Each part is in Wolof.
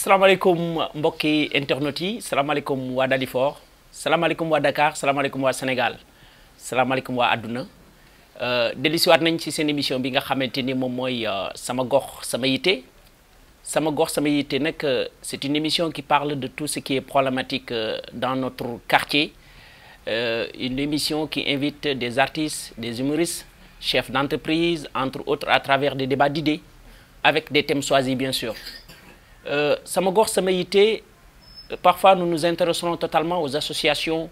Salam mbokki Internauti, salam Salam Wadadifor, salam Salam Wadakar, Dakar Salam waa Sénégal Salam alaikum àdduna euh, dellusiwaat nañ ci une émission bi nga xamante ni moom Samagor euh, sama euh, c'est une émission qui parle de tout ce qui est problématique dans notre quartier une émission qui invite des artistes des humoristes chefs d'entreprise entre autres à travers des débats d'idées avec des thèmes choisis bien sûr euh, sama gox euh, parfois nous nous intéresserons totalement aux associations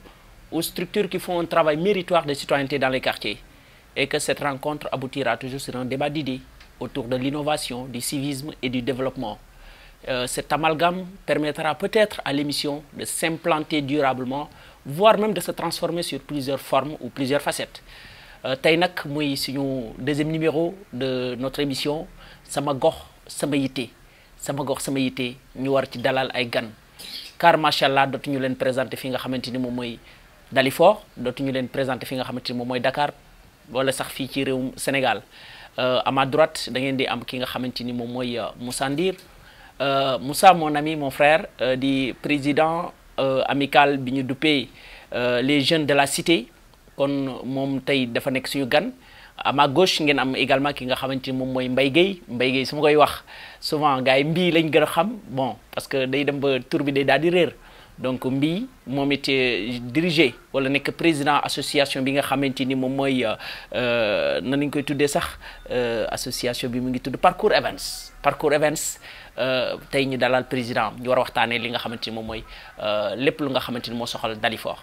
aux structures qui font un travail méritoire de citoyenneté dans les quartiers et que cette rencontre aboutira toujours sur un débat d'idées autour de l'innovation, du civisme et du développement. Euh, cet amalgame permettra peut-être à l'émission de s'implanter durablement, voire même de se transformer sur plusieurs formes ou plusieurs facettes. Tainak, nous moy deuxième numéro de notre émission sama gox sama gox sama yitte ñu war ci dalal ay gan car macha allah dootuñu leen présenté fi nga xamante ni moom mooy Dalifort dootuñu leen présenté fi nga xamante ni moom mooy Dakar wala sax fii ci réewum Sénégal euh, à ma droite da ngeen di am ki nga xamante ni moom mooy euh, Moussa Ndir euh, Moussa mon ami mon frère di président amical bi ñu duppee les jeunes de la cité kon moom tey dafa nekk suñu gan. à ma gauche ngeen am également ki nga xamante ni moom mooy Mbaye Guèye Mbaye Guèye su ma koy wax souvent gars yi mbii lañ gën a xam bon parce que day dem ba tur daal di réer donc mbii moom it euh, dirigé wala nekk président association bi nga xamante ni moom mooy euh, euh, nan lañ koy tuddee sax association bi mu ngi tudd Parcours Events Parcours Events tey ñu dalal président ñu war waxtaanee li nga xamante ni moom mooy lépp lu nga xamante ni moo soxal Dalifort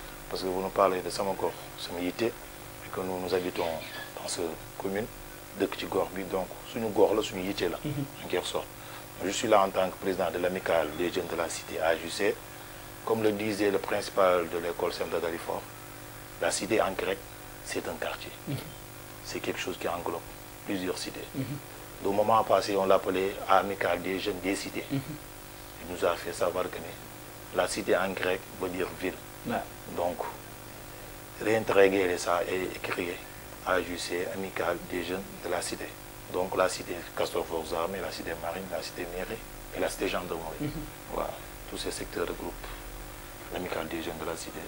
parce que vous nous parlez de Samako, Samiyité, et que nous, nous habitons dans ce commune de Ktigorbi, donc ce nous là, en quelque Je suis là en tant que président de l'amicale des jeunes de la cité AJC. Comme le disait le principal de l'école Saint-Adalifort, la cité en grec, c'est un quartier. Mhm. C'est quelque chose qui englobe plusieurs cités. Au mhm. moment passé, on l'appelait amicale des jeunes des cités. Mhm. Il nous a fait savoir que la cité en grec veut dire ville. Donc, réintégrer ça et créer JC Amicale des jeunes de la cité. Donc la cité castor forces armées, la cité marine, la cité mairie et la cité gendarmerie. de mhm. Voilà, tous ces secteurs de groupe, l'Amicale des jeunes de la cité.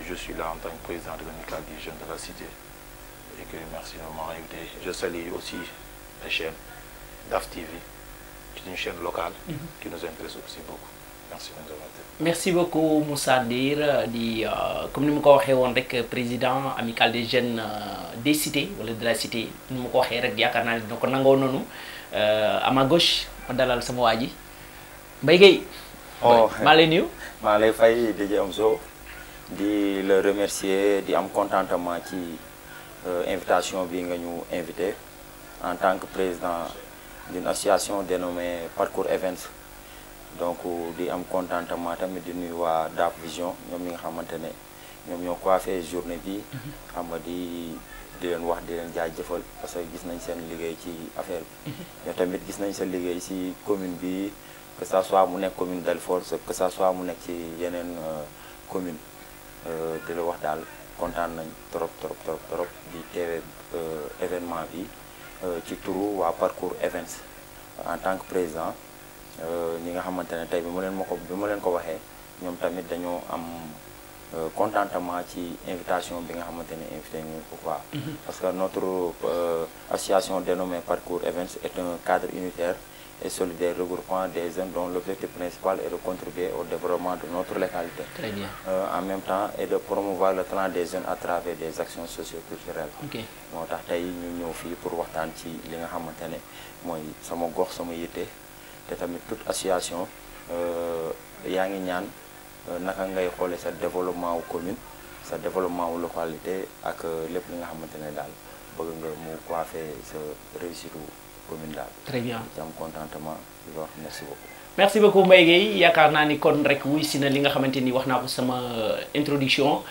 Et je suis là en tant que président de l'Amicale des jeunes de la cité. Et que merci vraiment Je salue aussi la chaîne DAF TV, qui est une chaîne locale mhm. qui nous intéresse aussi beaucoup merci beaucoup Moussa Dir, euh, euh, comme nous dit, le président amical des jeunes euh, des cités de la cité nous ma à à ma gauche remercier contentement ci invitation nous en tant que président d'une association dénommée Parcours Events. donc di am contentement tamit di nuy waa DAP Vision ñoom ñi nga xamante ne ñoom ñoo coiffé journée bi mm-hmm. xam nga di di leen wax di leen jëfal parce que gis nañ seen liggéey ci affaire bi mm-hmm. ñoo tamit gis nañ seen liggéey ci commune bi que ça soit mu nekk commune Dalifort que ça soit mu nekk ci yeneen euh, commune euh, di la wax daal kontaan nañ trop trop trop trop di teewee euh, événement bi ci turu waa parcours events en tant que président Euh, ñi nga xamante tay bi mu leen invitation mhm. parce que notre euh, association dénommée Parcours Events est un cadre unitaire et solidaire regroupant des jeunes dont l'objectif principal est de contribuer au développement de notre localité. Très euh, en même temps, et de promouvoir le talent des jeunes à travers des actions socio-culturelles. Ok. pour te tamit toute association euh, yaa ngi ñaan euh, naka ngay xoole sa développement wu commune sa développement wu localité ak euh, lépp li nga xamante ne daal bëgg nga mu coiffé sa réussite commune daal. très bien ci am contentement di wax merci beaucoup. merci beaucoup Mbaye Guèye yaakaar naa ni kon rek wuy si na li nga xamante ni wax naa ko sama introduction.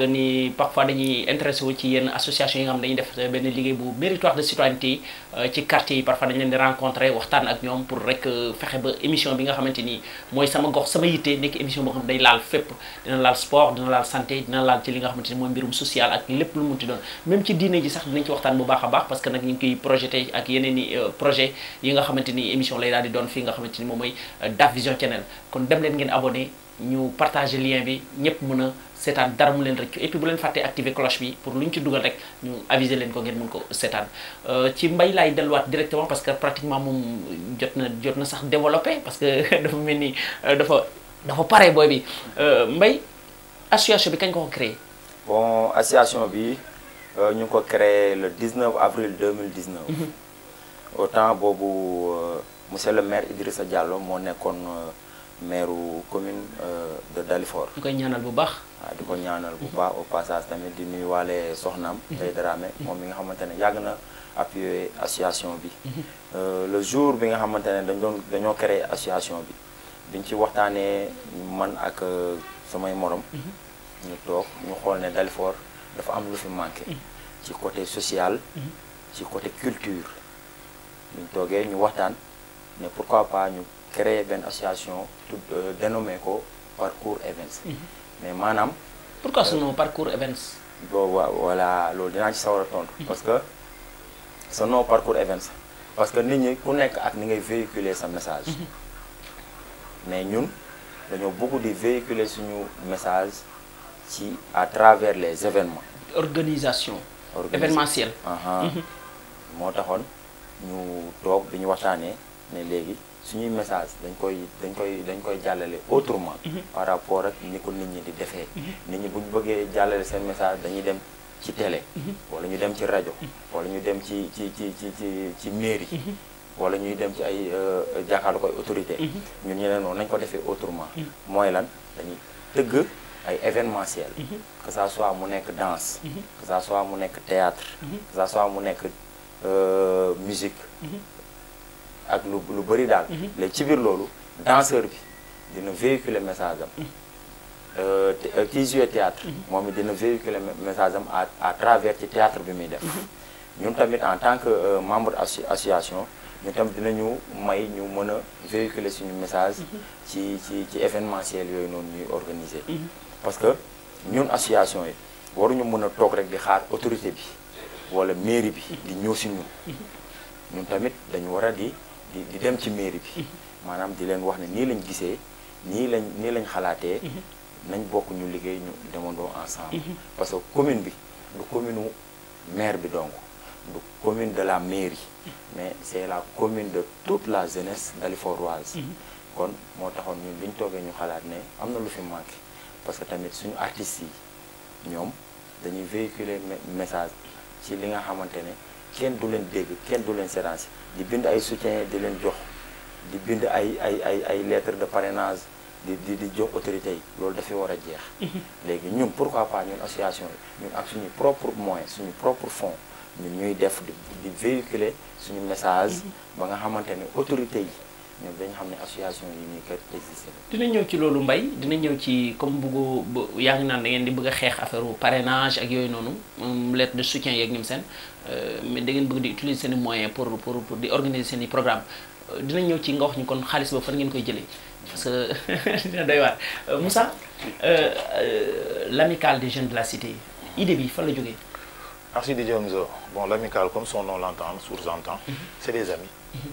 que ni parfois dañuy intéressé wu ci yenn association yi nga xam dañuy def benn liggéey bu méritoire de citoyenneté yi euh, ci quartier yi parfois dañ leen di rencontré waxtaan ak ñoom pour rek euh, fexe ba émission bi nga xamante ni mooy sama gox sama yitte nekk émission boo xam day laal fépp dina laal sport dina laal santé dina laal ci li nga xamante ni mooy mbirum social ak lépp lu mu munti doon même ci diine ji sax dinañ ci waxtaan bu baax a baax parce que nag ñu partager lien bi ñëpp mën a seetaan dara leen rek et puis bu leen fàttee activer cloche bi pour lu ñu ci dugal rek ñu aviser leen ko ngeen mën ko seetaan euh, ci mbay laay delluwaat directement parce que pratiquement moom jot na jot sax développé parce que dafa mel ni euh, dafa dafa pare booy bi euh, mbay association bi kañ ko ko créé. bon association bi ñu ngi ko créé le 19 avril 2019. Mhm. autant temps monsieur le maire Idrissa Diallo moo nekkoon maire commune euh, de Dalifort. ñaanal bu ah, au passage tamit di mhm. mhm. mi nga association mhm. euh, le jour où nous avons créé l'association, nous avons dit association bi biñ ci l'association. man ak euh, samay morom. ñu ñu ne Dalifort dafa manqué. côté social. du côté culture. pourquoi pas nous créer une association. Euh, dénommé ko parcours events. Mhm. mais manam pourquoi ce euh, nom parcours events. bon, voilà loolu dina ci mhm. parce que ce nom parcours events. parce que nit ñi ku nek ak ni ngay véhiculer sa message. Mhm. mais ñun avons beaucoup di véhiculer suñu message ci à travers les événements. organisation. événementielle. ñu ñu suñuy message dañ koy dañ koy dañ koy jàllale autrement mhm. Mhm. par rapport ak ni ko nit ñi di defee mhm. nit ñi bu ñu bëggee jàllale seen message dañuy dem ci télé wala ñu dem ci rajo wala ñu dem ci ci ci ci ci ci mairie wala ñuy dem ci ay euh, jàkkaarlu koy autorité ñun ñu ne noonu nañ ko defee autrement mooy lan dañuy tëgg ay événementiel que ça soit mu nekk danse que ça soit mu nekk théâtre que ça soit mu nekk euh, musique ak lu lu les dal mhm. léegi ci biir loolu. Ah, danseur bi dina véhiculer message am. Euh, euh, kii joué théâtre. mais mhm. de dina véhiculer message am à travers ci théâtre bi médias def. Mhm. ñun tamit en tant que euh, membre association ñu tamit dinañu may ñu nous véhiculer suñu message. ci ci ci événementiel yoy nous ñuy organiser. parce que ñun association yi waruñu mën a toog rek di xaar autorité bi wala mairie bi di ñëw nous ñun. ñun tamit dañu di di dem ci mairie bi manam mhm. di len wax ni ni lañ gisé ni lañ ni lañ xalaatee mhm. nañ bokk ñu liggéey ñu demandoo ensemble mhm. parce que commune bi du commune maire bi donc du commune de la mairie mais c'est la commune de toute la jeunesse d'Alfortoise, kon moo taxoon ñun bi ñu toogee ñu xalaat né amna lu fi manki parce que tamit suñu artistes yi ñom dañuy véhiculer message ci li nga xamante ne qui de di soutien di lettre de parrainage di di di jox autorité mhm. pourquoi pas une association nous, ñun nos propres propre nos propres propre fonds nous, y def véhiculer nos message mhm. ba nga ñoom dañu xam ne association yi nii kat dina ñëw ci loolu mbay dina ñëw ci comme bëggu yaa ngi naan da ngeen di bëgg a xeex affaire parrainage ak yooyu noonu um, lettre de soutien yeeg ñoom seen euh, mais da ngeen bëgg di seen i moyens pour pour pour di organiser seen euh, ñëw ci nga wax ñu kon xaalis boobu fan ngeen koy jëlee parce que dina doy waar euh, Moussa l'amicale des de la cité idée bi fan la jógee. merci Didier Omzo bon l'amicale comme son nom l'entend sous-entend mhm. c'est des amis. Mhm.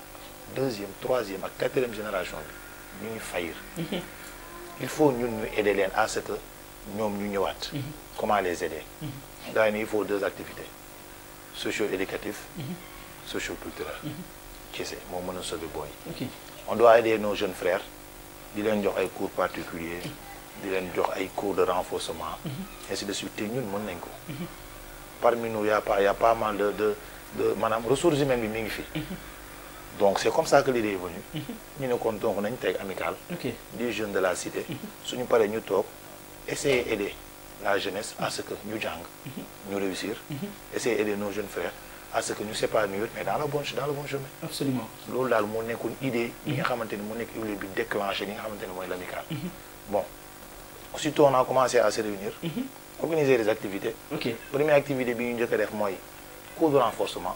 deuxième troisième quatrième génération Nous ñuy faillir mhm. il faut nous aider à ce que nous ñu mhm. comment les aider mhm. il faut deux activités socio-éducatif socio-culturel Qui c'est boy. on doit aider nos jeunes frères di ont jox des cours particuliers di ont jox des cours de renforcement ainsi de suite ñun parmi nous y a y a pas mal de de ressources humaines bi mi donc c'est comme ça que l'idée est venue mhm. nous ne kon donc nañ amicale des jeunes de la cité mhm. suñu parlons ñu talk, essayer d'aider la jeunesse à ce que nous réussissions. Mhm. ñu réussir essayer d'aider nos jeunes frères à ce que nous mieux, mais dans le bon dans le bon chemin absolument loolu daal moo une idée bi nga xamante ni nekk bon aussitôt on a commencé à se réunir organiser des activités première activité bi ñu njëkk def cours de renforcement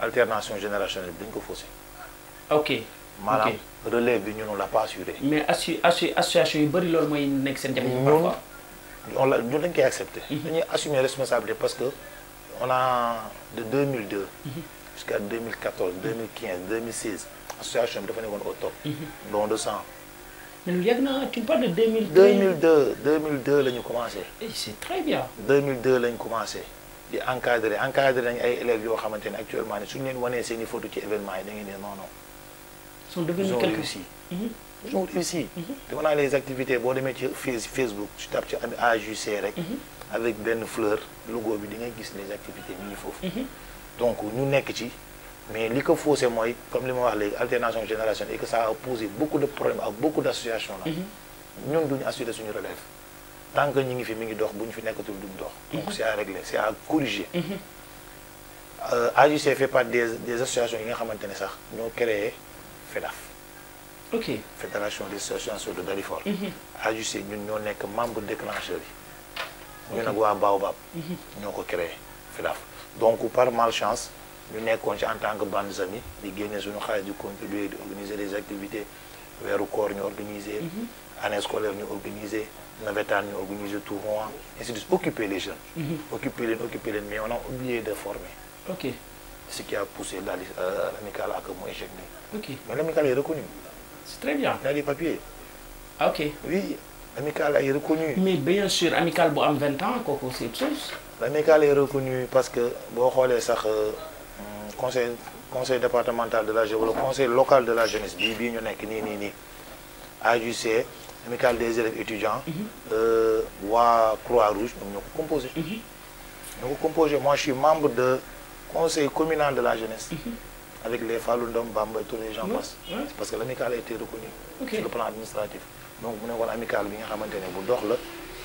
alternation générationnelle Bingo dañ ko ok Malade, relève nous ne l'a pas assuré. mais l'association association yu bëri un mooy nekk on la accepté. Mhm. responsabilité parce que on a de 2002. Mhm. jusqu'à 2014 2015 2016 association nous avons au top. Donc mhm. de mais nous avons tu parles de 2002. 2002 2002 nous commençons. commencé. c'est très bien. 2002 nous commencé di encadré encadré nañ ay élèves yoo xamante actuellement ne suñu leen wanee seen photo ci événement yi da ngeen non non. sont devenus quelque mhm. ils ont réussi. ils ont réussi. dama les activités bo démé ci Facebook tu tap ci AJC rek. Mhm. avec ben fleur logo bi di nga gis les activités mi ngi mhm. donc ñu nekk ci. mais li ko faussé moy comme li ma wax léegi alternation génération et que ça a posé beaucoup de problèmes ak beaucoup d'associations là. ñun duñu assurer suñu relève tant que nous sommes fi mi ngi dox bu fait fi nekkatul du dox. donc mhm. c'est à régler c'est à corriger. Mhm. Euh, AJC fait par des des associations yi nga créé créé e FEDAF. ok fédération des associations de Dalifort. Mhm. AJC nous ñoo que membre déclencheur yi. ñu nag Baobab. ñoo créé FEDAF e donc par malchance nous sommes en tant que bandes amies di avons suñu xaalis du contribuer d'organiser organiser des activités weeru koor nous organiser. année scolaire nous organiser navétane ñu organiser tournoi ainsi de occuper les jeunes. Mhm. occuper les, occuper les, mais on a oublié de former. ok ce qui a poussé euh, l'amicale à ak échec ok mais l'amicale est reconnu. c'est très bien. y a des papiers. Ah, ok oui l'amicale est reconnu. mais bien sûr l'amicale, a 20 ans quoi, c'est tout. l'amicale est reconnu parce que le euh, mm, conseil conseil départemental de la jeunesse le conseil local de la jeunesse bii bii ñu ni ni AJC amicale des élèves étudiants. Mhm. Euh, wa Croix-Rouge nous nous composé. Nous mhm. moi je suis membre de conseil communal de la jeunesse. Mhm. avec les falundom Bamba tous les gens passent. C'est parce que l'Amicale a été reconnue. sur le plan administratif. donc nous avons l'amicale, bi nga xamante ne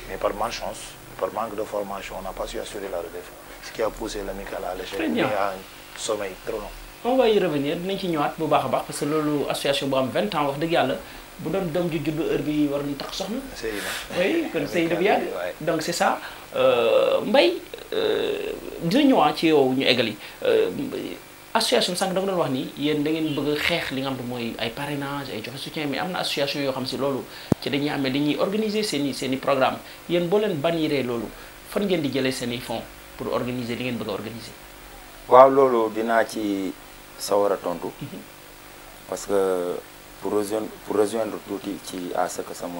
mais par malchance par manque de formation on n'a pas su assurer la relève ce qui a poussé l'amicale à l'échec et à un sommeil trop long. on va y revenir Nous ci ñëwaat parce que l'association association 20 ans de dëgg bu doon doom ju juddu heure bi war nañu tax soxna. sëy na oui kon sëy na bu yàgg donc c' est ça euh, euh, ci yow ñu eggal yi euh, association sànq da nga doon wax ni yéen da ngeen bëgg xeex li nga xam ne mooy ay parrainage ay joxe soutien mais am na association yoo xam si loolu ci dañuy amee li ñuy organiser seen i seen i programme yéen boo leen banniree loolu fan ngeen di jëlee seen i fonds pour organiser li ngeen bëgg a organiser. waaw loolu dinaa ci sawar a tontu. Mhm. parce que. pour rejoindre pour rejoindre tuuti ci à ce que sama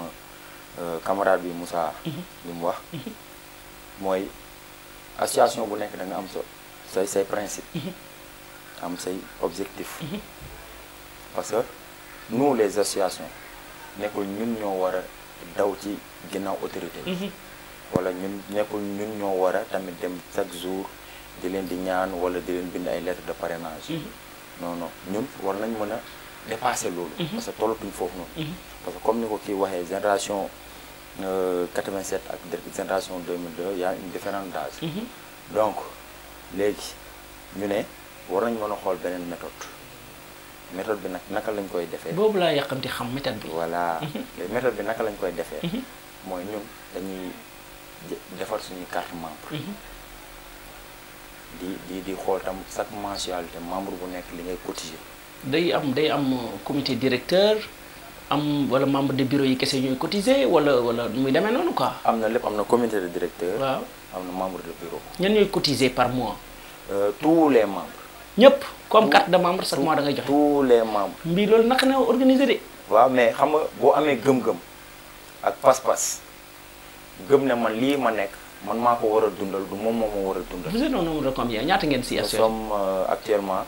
euh, camarade bi Moussa. Mhm. li mu wax. Mhm. mooy association bu nekk da nga am sa say say principe. Mhm. am say objectif. parce que nous les associations nekkul ñun ñoo war a daw ci ginnaaw autorité bi. wala ñun nekkul ñun ñoo war a tamit dem chaque jour di leen di ñaan wala di leen bind ay lettres de parrainage. non non ñun war nañ mën a. dépassé loolu mhm. parce que tollatuñ foofu noonu mhm. parce que comme ni ko kii waxee génération 87 euh, ak génération 2002 y a une différence d'âge mhm. donc léegi ñu ne war nañ mën a xool beneen méthode méthode bi nag naka lañ koy defee boobu laa yàqamti xam méthode bi voilà méthode bi naka lañ koy defee mooy ñun dañuy defar suñuy carte membre di di di xool tam chaque mensualité membre bu nekk li ngay cotiser day am day am comité directeur am wala membre de bureau yi kese ñooy cotiser wala wala muy demee noonu quoi. am na lépp am na comité de directeur. waaw am na membre de bureau. ñan ñooy cotiser par mois. Euh, tous les membres. ñëpp comme carte de membre sax mois da ngay joxe. tous les membres. mbi loolu naka na organiser de. waaw mais xam nga boo amee gëm-gëm ak pas-pas gëm ne man lii ma nekk man maa ko war a dundal du moom moo ma war a dundal. vous êtes ñaata ngeen si actuellement. Euh,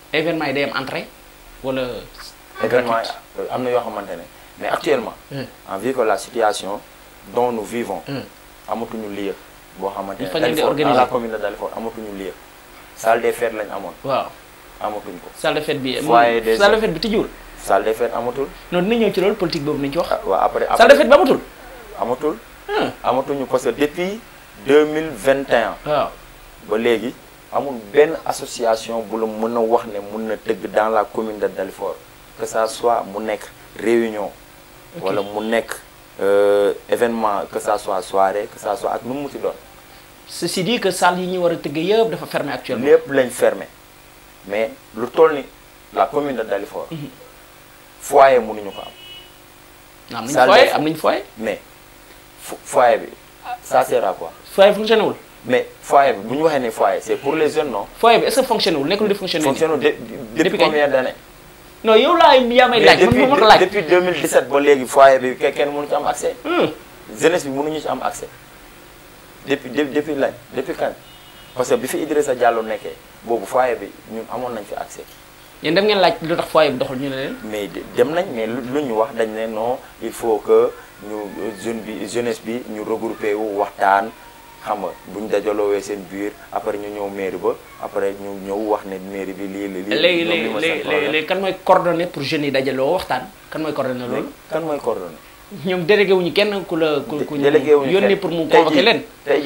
événement yi day am wala. événement yi am na yoo xamante mais actuellement. Hmm. en vue que la situation dont nous vivons. Hmm. amatuñu lieu bo xamante ne Dalifort dans la commune de Dalifort amatuñu lieu. salle des fêtes lañ amone waaw amatuñ ko. salle des fêtes bi salle des fêtes bi tijjiwul. salle des fêtes amatul. non dina ñëw ci loolu politique bobu nañu ci wax. Ah, waaw après salle des fêtes bi amatul. amatul. Hmm. amatuñu parce que depuis 2021 mille waaw ba légui amul ben association bu la mën wax ne mun na dans la commune de que ça soit mu nek réunion wala mu euh événement que ça soit soirée que ça soit ak nu ci doon ceci dit que salle yi ñu wara a yëpp dafa fermé actuellement lépp lañ fermé mais lu toll ni la commune de Dalifort mhm. foyer mënuñu ko am am nañ foyer am nañ foyer mais foyer bi ça sert à quoi foyer fonctionne mais foyer bi bu ñu foyer c'est pour les jeunes non. foyer est-ce que fonctionne wul nekkul di fonctionner. fonctionne de depuis combien d'années. non yow eu yaa may laaj man ma ko laaj depuis 2017 bon, les foyer bi kenn mënu ci am accès. Hmm. jeunesse bi mënuñu ci am accès. depuis depuis lañ depuis quand parce que bi fi Idrissa Diallo que, boobu foyer bi ñun amoon nañ accès. yéen dem ngeen laaj lu foyer bi doxul ñu leen. mais dem nañ mais lu ñu wax dañ non il faut que ñu jeunesse bi ñu regrouper wu waxtaan. xam nga buñ dajaloowee seen biir après ñu ñëw mairie ba après ñu ñëw wax ne mairie bi lii la lii léegi léegi léegi kan mooy coordonné pour jeunes yi dajaloo waxtaan kan mooy coordonné loolu kan mooy coordonné ñoom délégué wuñu kenn ku la ku ku yónni pour mu convoqué leen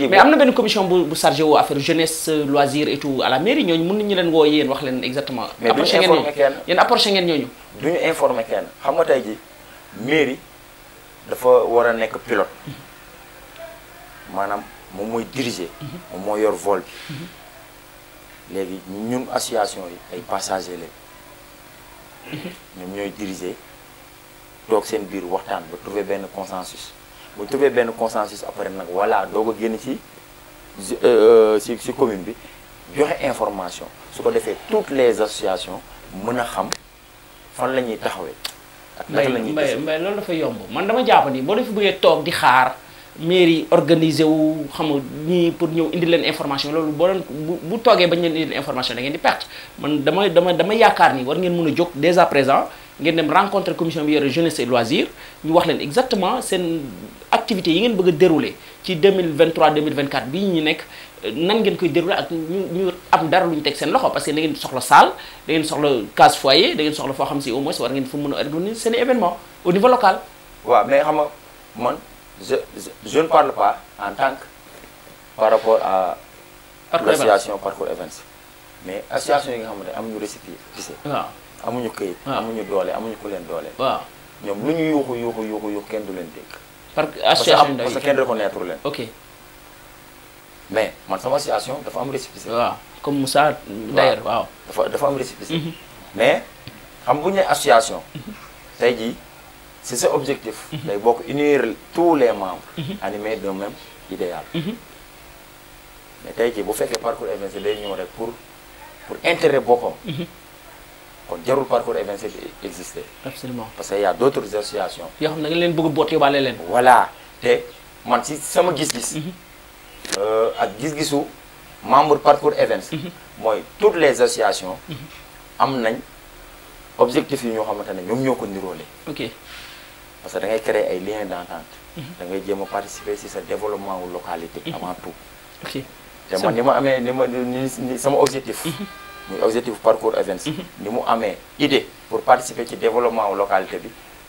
mais am na benn commission bu bu chargé wu affaire jeunesse loisir et tout à la mairie ñooñu mën nañu leen woo yéen wax leen exactement approché ngeen ñooñu yéen approché ngeen ñooñu duñu informé kenn xam nga tey dafa war a nekk pilote maanaam moom mooy diriger. Mhm. moom meilleur yor vol les mhm. léegi ñun association yi ay passagers lañ. ñoom ñooy diriger toog seen biir vous ba trouver le consensus trouvez trouver le consensus après voilà donc ko génn ci ci ci euh, commune bi joxe information qu'on a fait toutes les associations mën a xam fan la ñuy mais ak naka la ñuy mbay mbay loolu dafa yomb man dama jàpp ni boo dafa bëggee toog di xaar. mairie organisé wu xam nga ñii pour ñëw indi leen information loolu boo leen bu toogee bañ leen indi leen information da ngeen di perte man dama dama yaakaar ni war ngeen mën a jóg dès à présent ngeen dem rencontre commission bi yore jeunesse et loisir wax leen exactement seen activité yi ngeen bëgg dérouler ci 2023 2024 bii ñu nekk nan ngeen koy dérouler ak ñu ñu am dara lu ñu teg seen loxo parce que da ngeen soxla salle da ngeen soxla case foyer da xam si au moins war ngeen fa mën a organiser seen événement je, ne parle pas en tant que par rapport à l'association Parcours Events mais association on nga xam ne une on une une une du une dégg parce que parce que ok mais association dafa am comme Moussa d'ailleurs On dafa dafa mhm. mais c'est ça objectif mhm. de bokk unir tous les membres mhm. animés d'un même idéal mhm. mais vous faites bu parcours évincé day ñëw rek pour pour intérêt boppam kon jarul parcours évincé bi absolument parce qu'il y a d'autres associations Il xam a nga leen bëgg boot yóbbaale leen voilà te man si sama gis-gis euh, ak gis-gisu membre parcours events mooy toutes les associations am nañ objectif yi ñoo xamante ne ñoom ñoo ko ok parce que tu as créer un liens d'entente. Mhm. da ngay jéem participer ci ce développement localité. Mhm. avant tout. c'est Moi, ma ni ni sama objectif. mon mhm. objectif parcours events. ni mu amee idée pour participer au développement la localité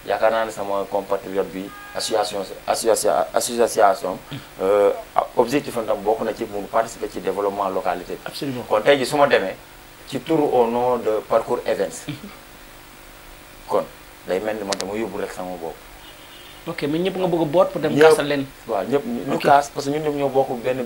il y a un sama compatriote bi association association euh, association. objectif am tam ci mu participer ci développement localité absolument kon tey ji su ma ci au nom de parcours events je mel ni train de yóbbu rek sama bopp. ok mais ñëpp nga bëgg a boot pour dem kaasal leen. waaw ñëpp ñu kaas parce que ñun ñëpp ñoo bokk benn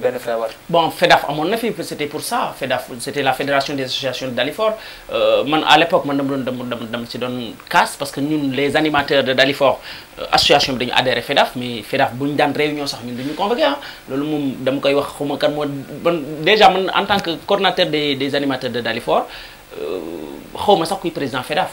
bon FEDAF à na fi c'était pour ça FEDAF c'était la fédération des associations de Dalifort euh, man à l'époque man dama doon dama dama si doon kaas parce que ñun les animateurs de Dalifort euh, association bi dañu adhéré FEDAF mais FEDAF bu a une réunion sax ñun dañu convoqué ah loolu moom dama koy wax xuma kan déjà en tant que coordinateur des des animateurs de Dalifort euh, xaw ma sax kuy président FEDAF.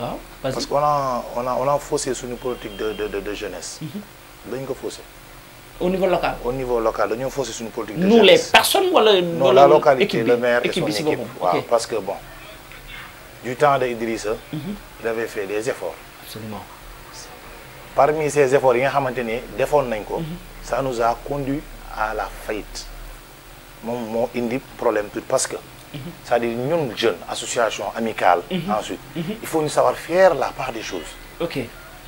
Ah, parce qu'on a on a on a faussé politique de de de de jeunesse. Mhm. dañ ko faussé. au niveau local au niveau local avons faussé une politique de jeunesse. nous les personnes wala. la localité le maire et équipe parce que bon du temps de Idrissa. Mhm. il avait fait des efforts. absolument. parmi ces efforts rien à maintenir, ne defoon mhm. ça nous a conduit à la faillite mon mon problème tout parce que. Mhm. c'est-à-dire ñun jeunes association amicale. Mhm. ensuite mhm. il faut nous savoir faire la part des choses. ok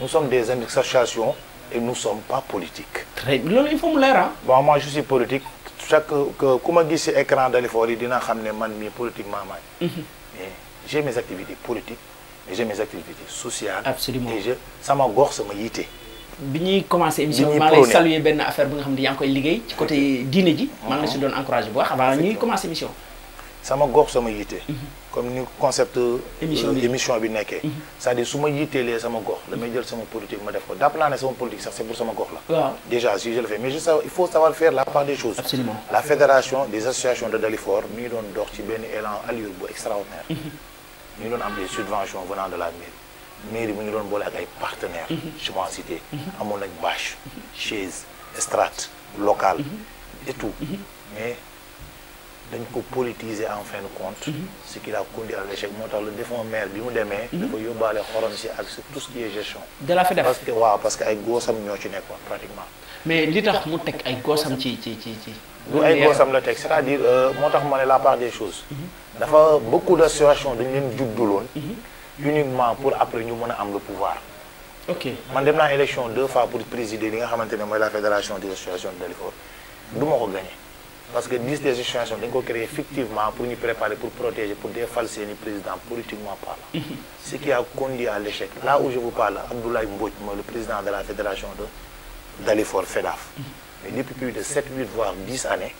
nous sommes des associations et nous sommes pas politiques. très bien il faut me l'air ah. bon moi je suis politique chaque que ku ma gis écran d'aller voir les xam ne man politiquement j'ai mes activités politiques mais j'ai mes activités sociales. absolument et je ça gox sama m'a yité. ñuy commencé émission l'émission, lay saluer une affaire bi nga avez ne côté d'Inédit. ji. vais vous la si doon encouragé bu avant commencer sama gox sama yitte. Mhm. comme le concept. d'émission euh, bi émission bi nekkee. Mhm. c'est-à-dire su ma yitteelee sama gox. damay jël sama politique ma def ko jàpp politique ça c'est pour sama gox là déjà si je le fais mais il faut savoir faire la part des choses. absolument la fédération des associations de Dalifor, mi avons dorti dox élan extraordinaire. Mhm. mi avons des subventions venant de la mairie. mairie nous ngi doon boole ak ay partenaires. je m'en cité. à mon bâche. chaise estrade locale et tout mais dañ politiser en fin de compte. Mhm. ce qui l'a conduit à l'échec montant le défunt maire bi mu démé mhm. dafa yóbbaale xorom renseigner ak tout ce qui est gestion. de la fédération parce que wa parce que ay gossam ñoo pratiquement. mais li tax mu tek ay gossam ci ci ci ci. lu ay gossam la tek c'est-à-dire euh, motax tax la part des choses. Mhm. dafa beaucoup de situations dañ leen uniquement pour après ñu mën am le pouvoir. ok man dem na élection deux fois pour présider li nga xamante la fédération des associations de l'école nous parce que ministre des institutions sont ko créé fictivement pour nous préparer pour protéger pour défalser le président politiquement parlant ce qui a conduit à l'échec là où je vous parle Abdoulaye Mbodj le président de la fédération de Dalifort FEDAF depuis plus de 7 8 voire 10 années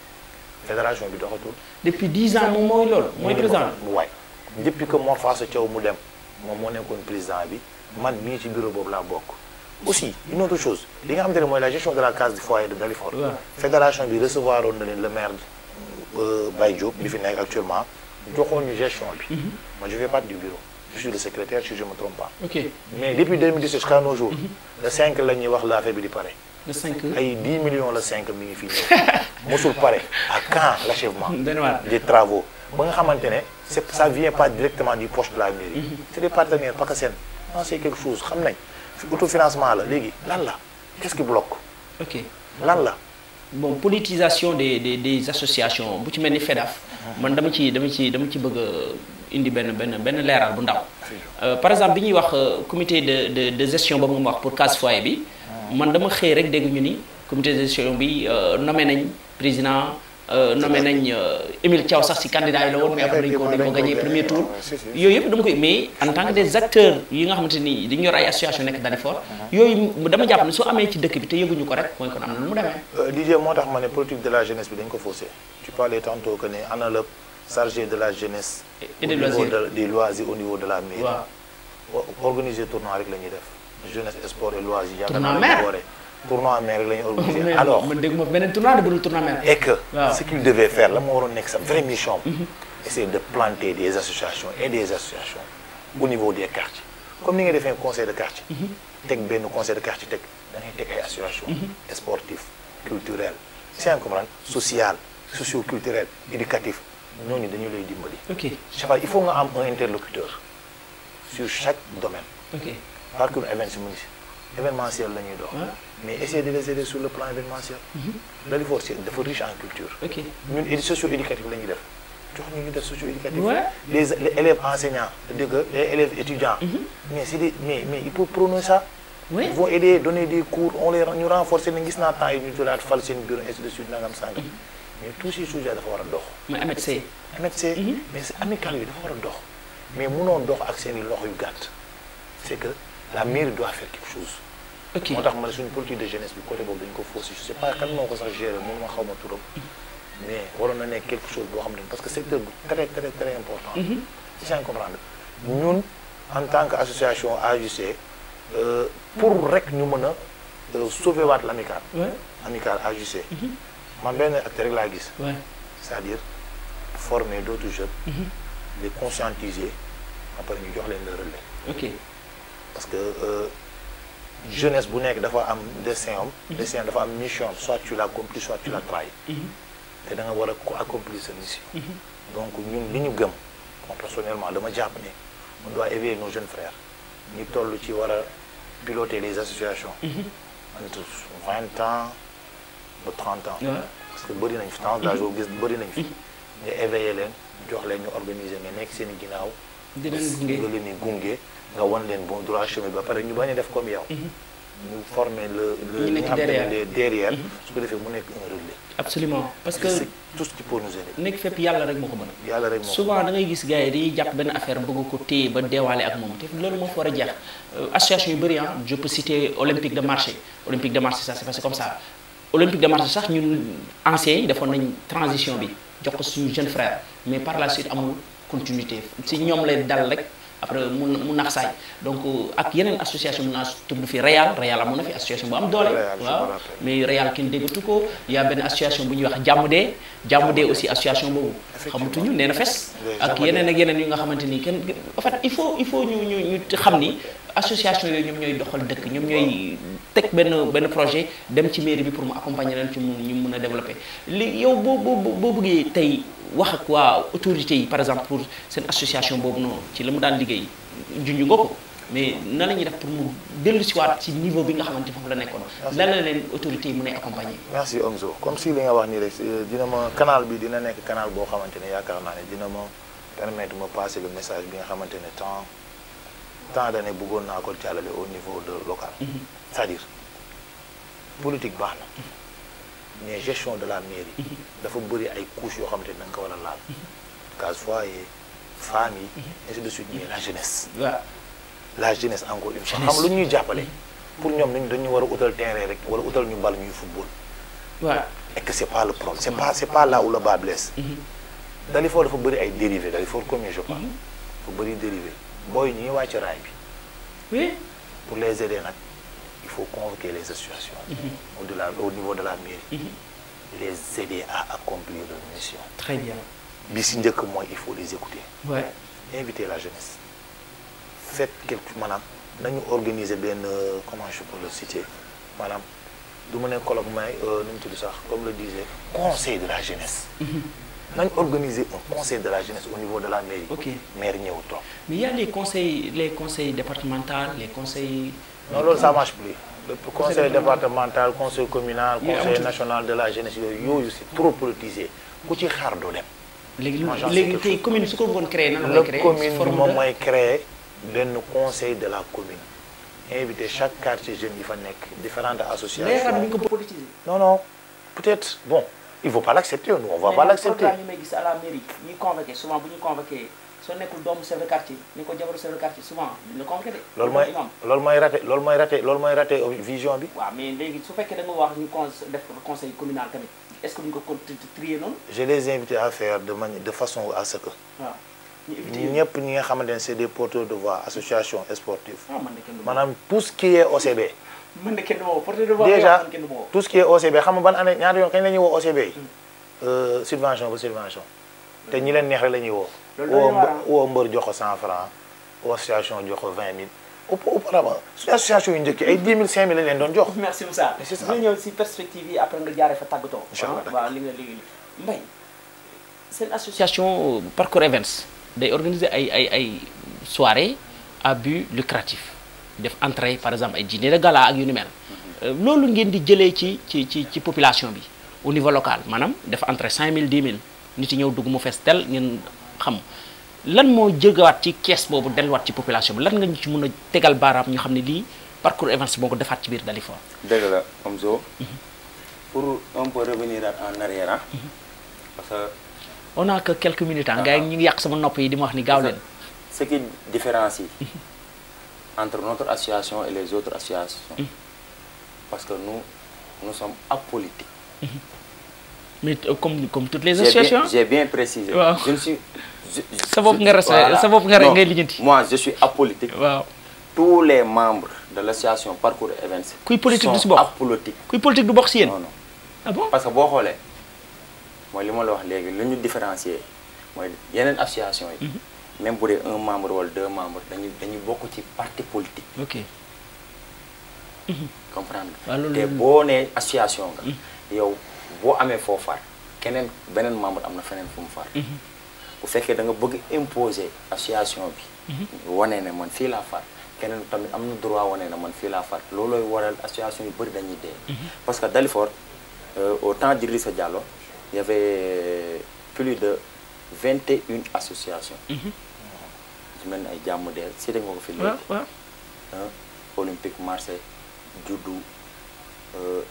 fédération bi retour. depuis 10 ans mon mooy là. président Oui. depuis que mon Fassou Thiaw au dem moi, président bi man mii ci bureau de la bokk aussi une autre chose les nga la gestion de la case du foyer de Dalifort fédération de recevoir le maire de euh, Diop qui fi actuellement joxoon gestion mhm. moi je vais pas du bureau je suis le secrétaire si je ne me trompe pas mais depuis 2016 jusqu'à nos jours mhm. le 5 la ñuy la affaire bi pare le 5 ay 10 millions le 5 mi ngi fi ñëw à quand l'achèvement ben des travaux ba nga ne ça vient pas directement du poche de la mairie mhm. c'est des partenaires Pacasen non C'est quelque chose autofinancement la léegi lan la qu'est-ce qui bloque. ok lan la. bon politisation des des des associations bu ci mel ni FEDAF. E man dama ci dama ci dama ci bëgg indi ben ben ben leeral bu ndaw. Euh, par exemple bi wax euh, comité de de de gestion ba mu wax pour casse foyer bi. Ah. man dama xëy rek dégg ñu ni comité de gestion bi euh, nommé nañ président. Euh, nommé nañ euh, Émile Thiaw sax ci candidat yi la woon mais après dañ ko dañ ko gagné premier tour yooyu yëpp dama koy mais en tant que des acteurs yi nga xamante ni dañu yor ay association nekk Dalifort yooyu dama jàpp ne soo amee ci dëkk bi te yëguñu ko rek mooy kon am na nu mu demee euh, Didier moo tax ma ne politique de la jeunesse bi dañ ko faussé tu parlais tantôt que ne ana la chargé de la jeunesse et des loisirs au niveau de la mairie organiser tournoi naa tournoi américain alors mais tournoi de tournoi et que ce qu'il devait faire la mort, waroon sa vraie mission. Mhm. essayer de planter des associations et des associations au niveau des quartiers comme ni nga un conseil de quartier. Mhm. teg benn conseil de quartier teg da ngay association ay association mhm. sportive culturelle si yaa comprendre sociale socio-culturelle éducative Nous, dañu lay dimbali. ok il faut nga un interlocuteur sur chaque domaine. ok par contre, événement événementiel mais essayer de les aider sur le plan événementiel. Dalifort mhm. c'est dafa riche en culture. ok ñun éducation socio-éducatif la ñuy def jox ñu ñu def socio les élèves enseignants dégg les élèves étudiants. Mhm. mais c'est des mais mais il peuvent prôner ça. oui ils vont aider donner des cours on les ñu renforcer ne gis naa temps yi ñu jëlaat fal seen bureau ainsi de suite nangam sàng. Mhm. mais tous ces sujets dafa war a dox. mais MHC. MHC mais amical yi dafa war dox mais nous dox ak seen i loxo c'est que la mairie doit faire quelque chose ok motax ma suñu politique de jeunesse bi côté boobu dañ ko faussé je sais pas kan moo ko sax ma xawma mais waro na nekk quelque chose bo xamné parce que c'est très très très important. Mhm. si saa comprendre ñun en tant qu'association association AJC euh, pour rek ñu mëna de euh, sauver waat l'amicale. amicale AJC. Mhm. man benn acteur rek glisse gis. c'est-à-dire former d'autres jeunes. Mhm. les conscientiser après ñu jox leen le relais. ok parce que. Euh, jeunesse bu nek dafa mission soit tu l'accomplis soit tu la trahis. Mhm. Et da nga accomplir mission. Mhm. donc ñun gëm personnellement dama japp né on doit éveiller nos jeunes frères tous tollu piloter les associations. Mhm. entre 20 ans ou 30 ans. parce que nous nañ fi temps d'âge gis bari nañ fi. éveiller len jox len ñu organiser nga wan leen bon droit chemin ba pare ñu bañ def comme yow. Mhm. ñu former le le ñu xam ne derrière. Mhm. su ko defee mu nekk un relais. absolument parce que tout ce qui peut nous aider. nekk fépp yalla rek moo mëna yalla rek moo souvent da ngay gis gars yi dañuy jàpp benn affaire bëgg ko téye ba déwalé ak mom té loolu mo fa war a euh, association yu bari hein ah, je peux citer olympique de marché olympique de marché ça s'est passé comme ça olympique de marché sax ñun ancien yi defoon nañ transition bi jox ko suñu jeune frère mais par la suite amul continuité si ñom lay dal rek. après mu mu nax saay donc euh, ak yeneen association mun naa tudd fi Réal Réal amoon na fi association bu am doole waaw mais Réal kenn déggatu ko yaa benn association bu ñuy wax jàmm dee jàmm dee aussi association boobu xamatuñu nee na fes ak yeneen ak yeneen yu nga xamante ni kenn en fait il faut il faut ñu ñu ñu xam ni association yooyu ñoom ñooy doxal dëkk ñoom ñooy teg benn projet dem ci mairie bi pour mu accompagner leen ci mu ñu mun a développer li wax ak waa autorité yi par exemple pour seen association boobu noonu ci la mu daan liggéey junj nga ko mais nan la ñuy def pour mu dellu si waat ci niveau bi nga xamante foofu la nekkoon. lan la leen autorités yi mën accompagner. merci Ongzo. comme si li nga wax nii rek euh, dina ma canal bi dina nekk canal boo xamante ne yaakaar naa ne dina ma permettre ma passer le message bi nga xamante ne temps temps da ne bëggoon naa ko jàllale au niveau de local. Mhm. c'est-à-dire politique baax na. Mhm mais gestion de la mairie dafa bëri ay couches au xamante ni da nga ko war a laal case foyer femmes yi ainsi de suite mais la jeunesse la jeunesse encore une fois xam lu ñuy jàppale pour ñoom dañu dañu war autour de terrain rek wala autour ñu ballon du football et que c'est pas le problème c'est pas c'est pas là où le bas blesse mhm. Dalifort dafa bëri ay dérivé Dalifort combien je parle mhm. dafa bëri dérivé booy ñuy wàcc raay bi pour les aider là il faut convoquer les associations mhm. au, niveau de la mairie, mhm. les aider à accomplir leur mission. Très bien. Mais que moi, il faut les écouter. Ouais. Invitez la jeunesse. Faites quelque madame. Nous organisons bien, euh, comment je peux le citer, madame, euh, comme le disait, conseil de la jeunesse. Mhm. Nous un conseil de la jeunesse au niveau de la mairie. Okay. Mais il y a les conseils, les conseils départementaux, les conseils non loolu ça marche plus. conseil départemental conseil communal conseil national de la jeunesse c'est trop politisé ku ci xaar doo dem. léegi léegi tey commune su ko créer nan la créer commune créer conseil de la commune. Inviter chaque quartier jeune yi fa différentes associations. mais ko politiser. non non peut-être bon il faut pas l'accepter nous on va pas l'accepter. mais à la mairie ñuy convoqué souvent bu ñu convoqué soo nekkul doomu chef de quartier ni ko jabaru chef quartier souvent duñ la convoqué de. loolu mooy loolu mooy raté loolu mooy raté loolu mooy raté vision bi. waaw mais léegi su fekkee da nga wax ñu con def conseil communal tamit est-ce que duñ ko trier noonu. je les invite à faire de manière de façon à ce que. waaw ñëpp ñi nga xamante ne c'est des porteurs de voix association sportive. waaw ah, man de kenn du maanaam tout ce qui est OCB. man de kenn du ma woo porteur de voix. déjà tout ce qui est OCB xam nga ban année ñaata yoon kañ la ñuy woo OCB yi. Hmm. Euh, subvention ba subvention te ce leen neex rek la ñuy 100 francs woo association jox 20 000. auparavant suñu association yu njëkk ay 10 000 5 000 Merci merci Moussa. c'est ça si perspective après nga jaaree fa tàggatoo. incha allah waaw li association euh, Parcours Events Elle a ay soirée à but lucratif def entrée par exemple à dîner à gala ak yu ni mel. Mm-hmm. Euh, loolu ngeen population au niveau local maanaam def 5 000, 10 000. nit ñew dug mu fess tel ñun xam lan mo jëgëwaat ci caisse bobu delwaat ci population bi lan nga ñu ci mëna tégal baram ñu xamni li parcours events boko defaat ci biir dalifor deug la amzo mhm. pour un peu revenir en arrière mhm. parce que on a que quelques minutes hein gaay ngi yak sama nopp yi di wax ni gaaw len ce qui différencie mhm. entre notre association et les autres associations parce que nous nous sommes apolitiques mais comme toutes les associations. Hein. j'ai bien précisé. Ça je suis. moi je suis apolitique. tous les membres de l'association parcours Events. Qui politique du apolitique. Qui politique du bokk non non ah bon parce que vous moi, mooy li ma la wax léegi lu différencier a association mhm. même pour un membre ou deux membres dañu dañu beaucoup de partis politiques. ok. comprendre Les bonnes associations. association mhm il y amé fo far kenen benen membre amna fenen mhm. bu da nga bëgg imposer association bi mhm. woné né man fi la far kenen tamit droit woné né man fi la far waral association mhm. parce que Dalifort euh, au temps d'Idrissa Diallo y avait euh, plus de 21 associations ay jamm hein? olympique Marseille judo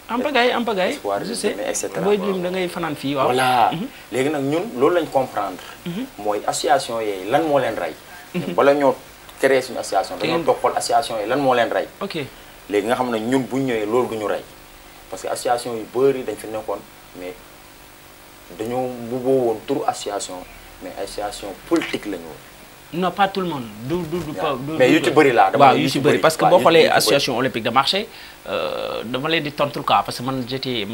en euh, pagaille en pagaille je sais booy lim da ngay fanaan fii waaw. voilà mhm. léegi nag ñun loolu lañ comprendre. Mhm. mooy association yooyu lan moo leen rey. Mhm. bala ñoo créer suñu association. dañoo toog xool association yi lan moo leen rey. ok léegi nga xam ne ñun bu ñëwee loolu du ñu rey parce que association yu bëri dañ fi nekkoon mais dañoo mbubboo woon turu association mais association politique la ñu woon non pas tout le monde mais Youtube là là. parce que pour les associations olympique de marché euh, dama leen di tontu cas. parce que moi j'étais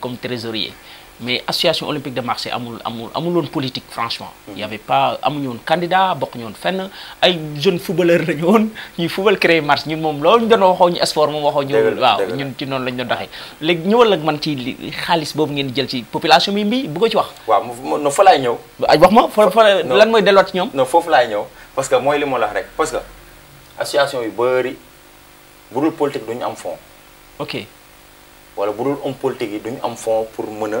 comme trésorier mais association olympique de Marseille amul amul amul woon politique franchement. il y avait pas amuñu woon candidat bokk ñu fenn ay jeunes footballeur lañ won ñi football créé marche ñun mom loolu ñu doon waxoo ñu sport mom waxo ñu. waaw ñun ci non lañ do doxee. léegi ñëwal ak man ci xaliss bobu ngeen jël ci population bi mbi ko ci wax. waaw no fa lay ñëw. ay wax ma fa fa lan moy delluwaat ci ñom non foofu lay ñëw parce que moy li mo la rek parce que association yu beuri bu politique duñ am fond. ok wala bu un politique duñ am fond pour mën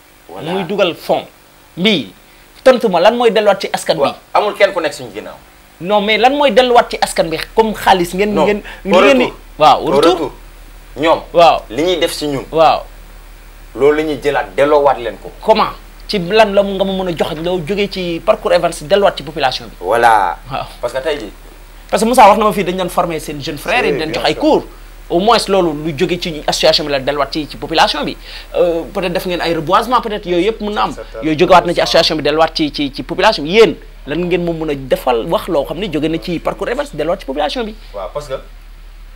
muy dugal fond mbii tontu ma lan mooy delluwaat ci askan bi amul kenn ku nekk suñu mais lan mooy delluwaat ci askan bi comme xaalis ngeen ngeen ngeen ni waaw retour ñoom waaw li ñuy def si ñun waaw loolu la ñuy jëlaat delloowaat leen ko comment ci lan la nga ma mën a jox loo joge ci parcours Evans delluwaat ci population bi voilà waaw parce que tey jii parce que Moussa wax na ma fii dañ doon former seen jeune frère yi dañ jox ay cours au moins loolu lu jóge ci association bi la delluwaat ci ci population bi euh, peut-être def ngeen ay reboisement peut-être yooyu yëpp mën na am yooyu jógewaat na ci association bi delluwaat ci ci ci population bi yéen lan ngeen moom mën a defal wax na ci parcours Reverse delluwaat ci population bi waaw parce que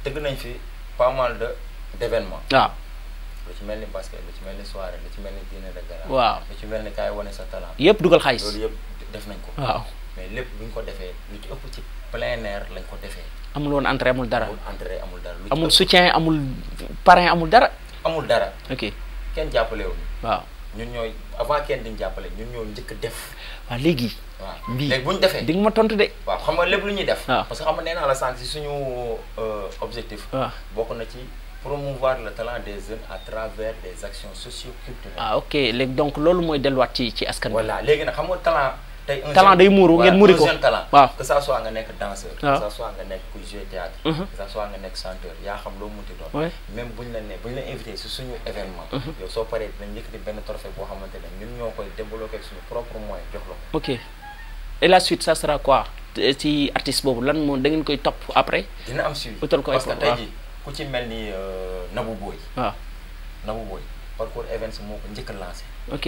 tëgg nañ fi pas mal de d'événements waaw lu ci mel ni basket lu ci mel ni soirée lu ci mel ni dîner de gala waaw lu ci mel ni kaay wane sa talent yëpp dugal xaalis yëpp def nañ ko waaw mais lépp bu ñu ko defee lu ci ëpp ci plein air lañ ko defee. amul woon entrée amul dara amul entrée amul dara. amul soutien amul parrain amul dara. amul dara. ok kenn jàppale waaw ñun ñooy avant kenn di ñu jàppale ñun ñoo njëkk a def. waaw léegi. waaw léegi bu ñu defee di nga ma tontu de. waaw xam nga lu ñuy def. parce que xam nga nee naa la sànq si suñu euh, objectif. waaw bokk na ci. promouvoir le talent des jeunes à travers des actions socio-culturelles. ah ok léegi donc loolu mooy delluwaat ci ci askan wi. léegi nag xam talent day mourou que ça soit nga danseur théâtre que ça soit nga mhm. chanteur xam même la buñ la événement mhm. trophée ñun et la suite ça sera quoi ci artiste bobu lan mo da ngeen après dina am suivi pas. ko que ku ci euh, Nabou Boy Nabou Boy parcours events événement lancé ok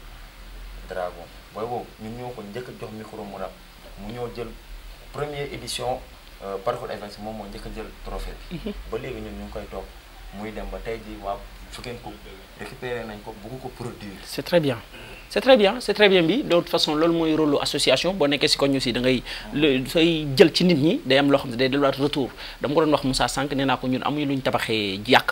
Dragon booy boobu ñun ñoo ko njëkk jox micro mu rap mu ñoo jël première édition euh, Parcours Events moom moo njëkk a jël trophée bi mhm. ba légui ñun ñu koy toog muy dem ba tay ji wa fukkeen ko récupéré nañ ko bëgg ko produire c'est très bien c'est très bien c'est très bien bi de toute façon loolu moy rôle association bo boo ci ko ñu ci da ngay sooy jël ci nit ñi day am lo xam ne day delluwaat retour dama ko don wax Moussa Sank nee naa ko ñun amuñu luñu tabaxé yak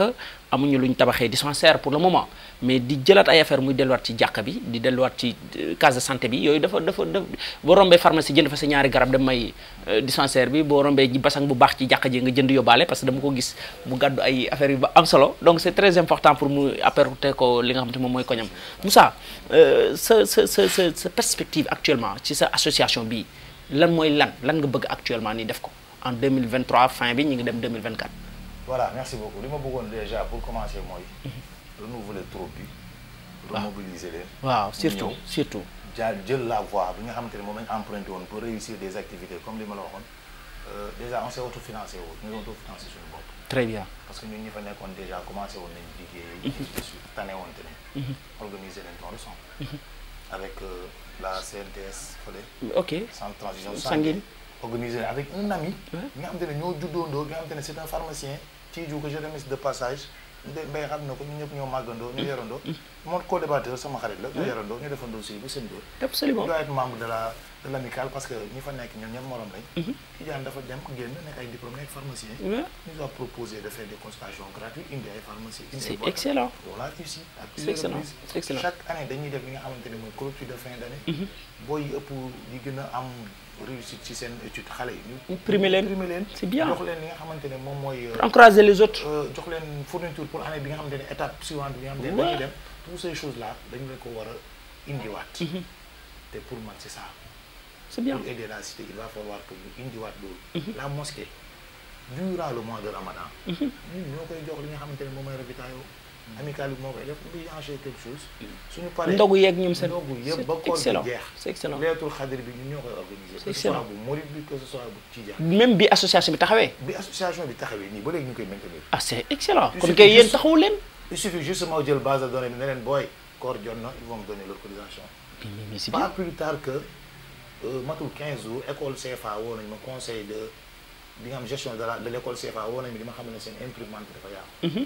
amuñu luñ tabaxé dispensaire pour le moment mais di jëlaat ay affaire muy delluwaat ci jakk bi di delluwaat ci euh, case de santé bi yoy dafa dafa daf boo pharmacie jënd fa sa ñaari garab dem may euh, dispensaire bi boo rombee basang bu bax ci jakk ji nga jënd yóbbaale parce que dama ko gis mu gàddu ay affaire yu ba am solo donc c'est très important pour mu apporter ko li nga xamante moom mooy koñam Moussa ce ce ce perspective actuellement ci sa association bi lan moy lan lan nga bëgg actuellement ni def ko en 2023 fin bi ñi ngi dem 2024 voilà merci beaucoup Je vous déjà pour commencer moi mhm. renouveler trop bi. remobiliser les gens. surtout surtout. Je jël la voix, bi nga xamante moment emprunté pour réussir des activités comme les ma euh, déjà on s'est autofinancé nous tout financé sur le bord très bien parce que nous avons déjà commencé à nañu liggéey. Mhm. tane woon On mhm. organiser l'introduction avec euh, la CNTS ok Sans transition sanguine. organiser avec un ami. nga avons ñoo nga c'est un pharmacien. Tidiou que je remercie de passage Mbaye xam na ko ñu ñëpp ñoo màggandoo ñu yarandoo mon co sama xarit la ñu defandoo aussi bu seen dóor absolument doit être membre de la de parce que ñi fa nekk ñoom ñoom morom lañ Tidiane mhm. dafa dem génn nekk ay diplôme nekk pharmacien ñu doit proposer de faire des consultations gratuites indi ay pharmacie c'est excellent on l'a réussi c'est excellent c'est excellent chaque année dañuy def li nga xamante mooy clôture de fin d'année mhm. réussite ci seen étude xale yi. ñu primer leen c'est bien jox leen nga xamantene mom moy mooy. Euh, encourager les autres. Euh, jox leen fourniture pour année bi nga xamantene étape suivante bi nga xamantene ne dem. toutes ces choses là dañu leen ko wara indi indiwaat. Mhm. té pour man c'est ça. c'est bien pour aider la cité il va falloir que ñu indiwaat do mhm. la mosquée durant le mois de Ramadan. Mhm. ñun ñoo koy jox li nga xamantene ne moom mooy amicalement koy def di enchaîner c'est excellent c'est excellent c'est excellent c'est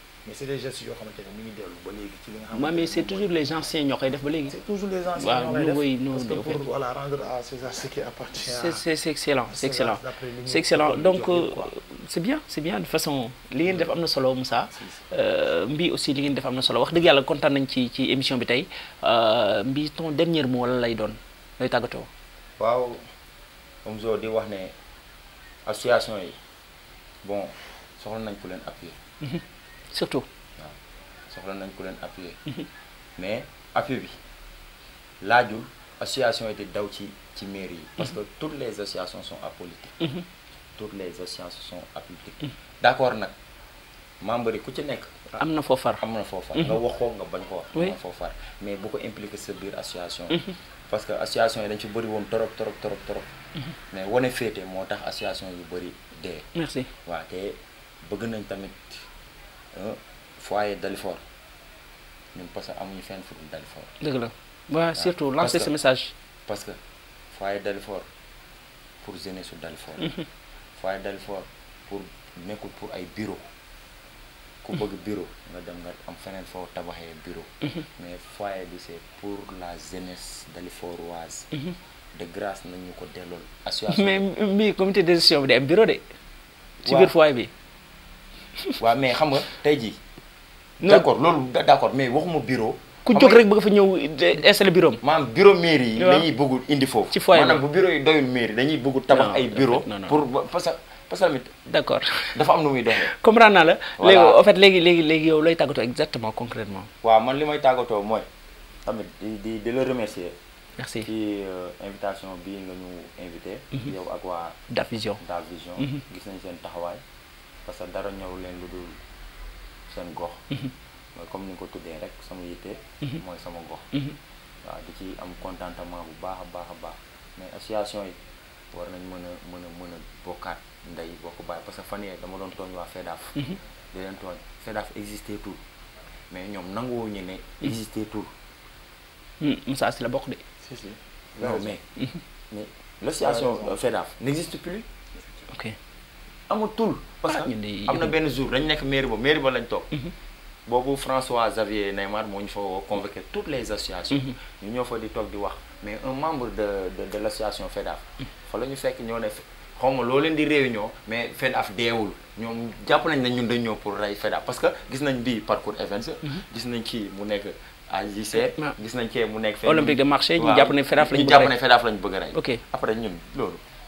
mais c'est déjà des gestes ne mais c'est toujours les anciens qui ont def ba c'est toujours les anciens qui koy def parce que pour voilà rendre à César ce qui appartient C'est c'est excellent c'est excellent C'est excellent donc euh, C'est bien c'est bien de façon li ngeen mm. def am solo Moussa euh, Mbi aussi li ngeen def am solo wax dëgg content kontaan nañ ci ci émission bi euh, Mbi ton dernier mot la lay doon lay tàggatoo. waaw Omzo di wax ne association yi bon soxla nañ ku leen appuyer. Mhm surtout waaw soxla nañ ku leen appuyer mhm. mais appui bi laajul association yi di daw ci ci mairie yi parce que mhm. toutes les associations sont apolitiques mhm. toutes les associations sont apolitiques d'accord nag membre yi ku ci nekk am na far am na far nga waxoo nga bañ ko wax am na mais bu ko impliqué sa biir association parce que association yi dañ ci bëri woon torop torop torop torop mais wane féete moo tax association yu bëri dee merci waaw te bëgg nañ tamit Euh, foyer Dalifort ñun parce que amuñu fenn fu dul Dalifort. dëgg la waaw ah, surtout lancer ce message. parce que foyer Dalifort pour jeunesse su Dalifort. Mhm. foyer Dalifort pour nekkul pour ay bureau ku mhm. bëgg bureau nga dem nga am feneen foo tabaxee bureau. Mhm. mais foyer bi c'est pour la jeunesse dalifortoise. de grâce nañu ko dellool. association mais mii comité de gestion bi day am bureau de. ci biir bi. waaw mais xam nga tey jii. d' accord loolu d' accord mais waxuma bureau. ku jóg rek bëgg fa ñëw installé bureau am. maanaam bureau mairie yi. dañuy bëggul indi foofu. ci foyer maanaam bu bureau yi doyul mairie dañuy bëgg tabax ay bureau pour parce que parce que dafa am na muy doxee. comprendre naa la. léegi fait léegi léegi léegi yow looy tàggatoo exactement concrètement. waaw man li may tàggatoo mooy tamit di di di la remercier. merci ci euh, invitation bi nga ñu invité. Mhm. yow ak waa. Daf Vision Daf Vision. Mhm. gis nañ seen taxawaay. sa dara ñëw leen lu dul seen gox mhm. mooy comme ni nga ko tuddee rek sama yitte mhm. mooy sama gox mhm. waaw di ci am contentement bu baax a baax a baax mais association yi war nañ mën a mën a mën a bokkaat ndey bokk bàyyi parce que fan yee dama doon tooñ waa FEDAF e di leen tooñ FEDAF existé tout mais ñoom nanguwoo ñu ne existé tout hmm, la bokk de si si non mais mais l'association FEDAF euh, e n'existe plus ok amatul. parce ah. que am na benn jour dañ nek maire ba maire ba lañ tok mhm. boobu François Xavier Neymar moñ ñu fa woo toutes les associations. Mhm. ñu ñoo fa di tok di wax mais un membre de de de l'association FEDAF. E mhm. fa lañu fekk ñoo ne xaw lo leen di réunion mais FEDAF e deewul ñom japp nañ ne ñun dañ ñoo pour ray FEDAF parce que gis nañ bi parcours events. gis nañ kii mu nek à lycée gis nañ ci mu nek olympique de marché ñu japp ne FEDAF e lañ bëgg ray ok après ñun lolu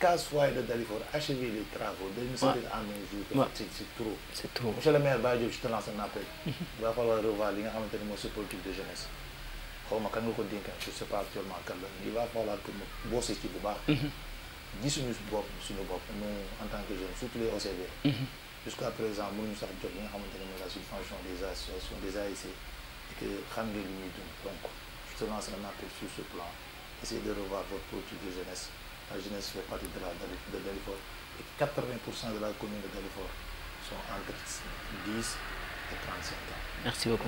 15 fois de pour achever les travaux de nous sortir en un jour. C'est trop. C'est trop. Monsieur le maire je te lance un appel. Mhm. Il va falloir revoir les gens qui ont politique de jeunesse. Je ne je sais pas actuellement kan il va falloir que mu bosse ci nous baax. Mhm. gisuñu bopp suñu bopp nous en tant que jeunes surtout les OCB. Mhm. jusqu'à présent nous nous jot li nga xamante ne mooy la subvention des associations des ASC et que xam nga donc je te lance un appel sur ce plan Essayez de revoir votre politique de jeunesse la jeunesse fait partie de, la, de Et 80% de la commune de Delfort sont entre 10 et Merci beaucoup.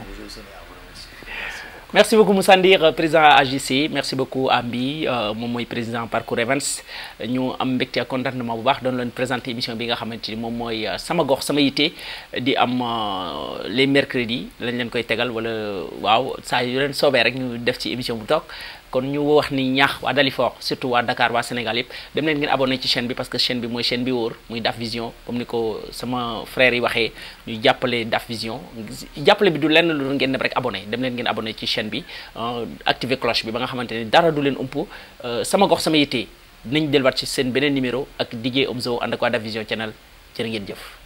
merci beaucoup Moussandir, président AGC merci beaucoup Ambi président euh, de président parcours Events nous sommes mbégte contents de vous voir, doon présenter l'émission de la xamante ni moom mooy euh, sama gox sama yitte euh, les mercredis nous leen koy de émission de kon ñu wax ni ñaax waa Dalifort surtout waa Dakar waa Sénégal yëpp dem leen ngeen abonné ci chaîne bi parce que chaîne bi mooy chaîne bi wóor muy Daf Vision comme ni ko sama frère yi waxee ñu jàppale Daf Vision jàppale bi du lenn lu dul ngeen dem rek abonné dem leen ngeen abonné ci chaîne bi euh, activer cloche bi ba nga xamante ne dara du leen ump euh, sama gox sama yitte dinañ delluwaat ci seen beneen numéro ak DJ Omzo ànd ak waa Daf Vision Channel jërë ngeen jëf